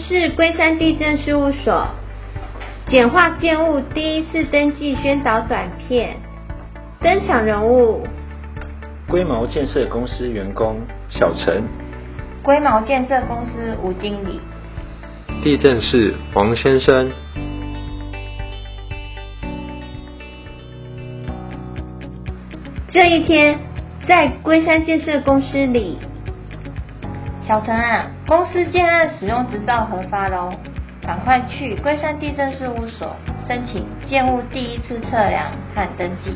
是龜山地政事務所簡化建物第一次登記宣導短片，登場人物：龜毛建設公司員工小陳，龜毛建設公司吳經理，地政士黃先生。這一天，在龜山建設公司裡。小陳，啊，公司建案使用執照核發嘍，趕快去龜山地政事務所申請建物第一次測量和登記。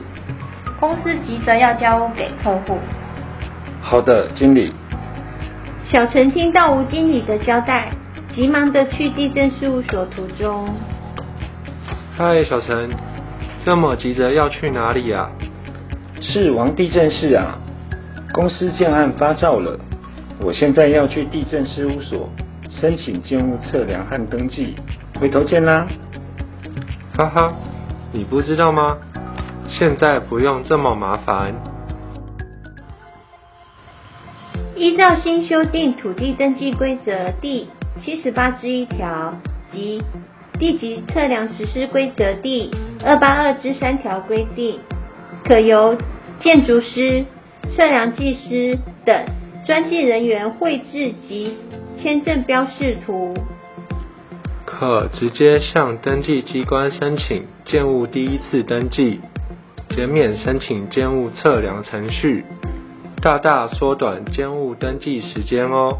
公司急着要交屋給客戶。好的，經理。小陳聽到吳經理的交代，急忙的去地政事務所途中。嗨，小陳，這麼急着要去哪裡啊？是王地政士啊，公司建案發照了。我現在要去地政事務所申請進入測量和登記，回頭見啦！哈哈，你不知道嗎？現在不用這麼麻煩。依照新修訂土地登記規則第七十八之一條及地籍測量實施規則第二八二之三條規定，可由建築師、測量技師等。專技人員繪製及簽證標示圖，可直接向登記機關申請建物第一次登記，減免申請建物測量程序，大大縮短建物登記時間哦。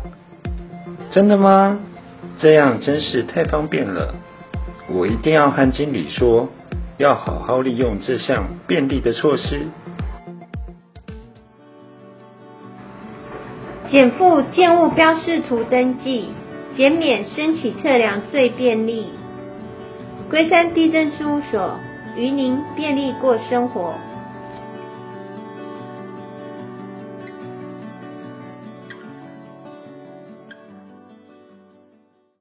真的嗎？這樣真是太方便了，我一定要和經理說，要好好利用這項便利的措施。檢附建物標示圖登記，減免申請測量最便利。龜山地政事務所，與您便利過生活。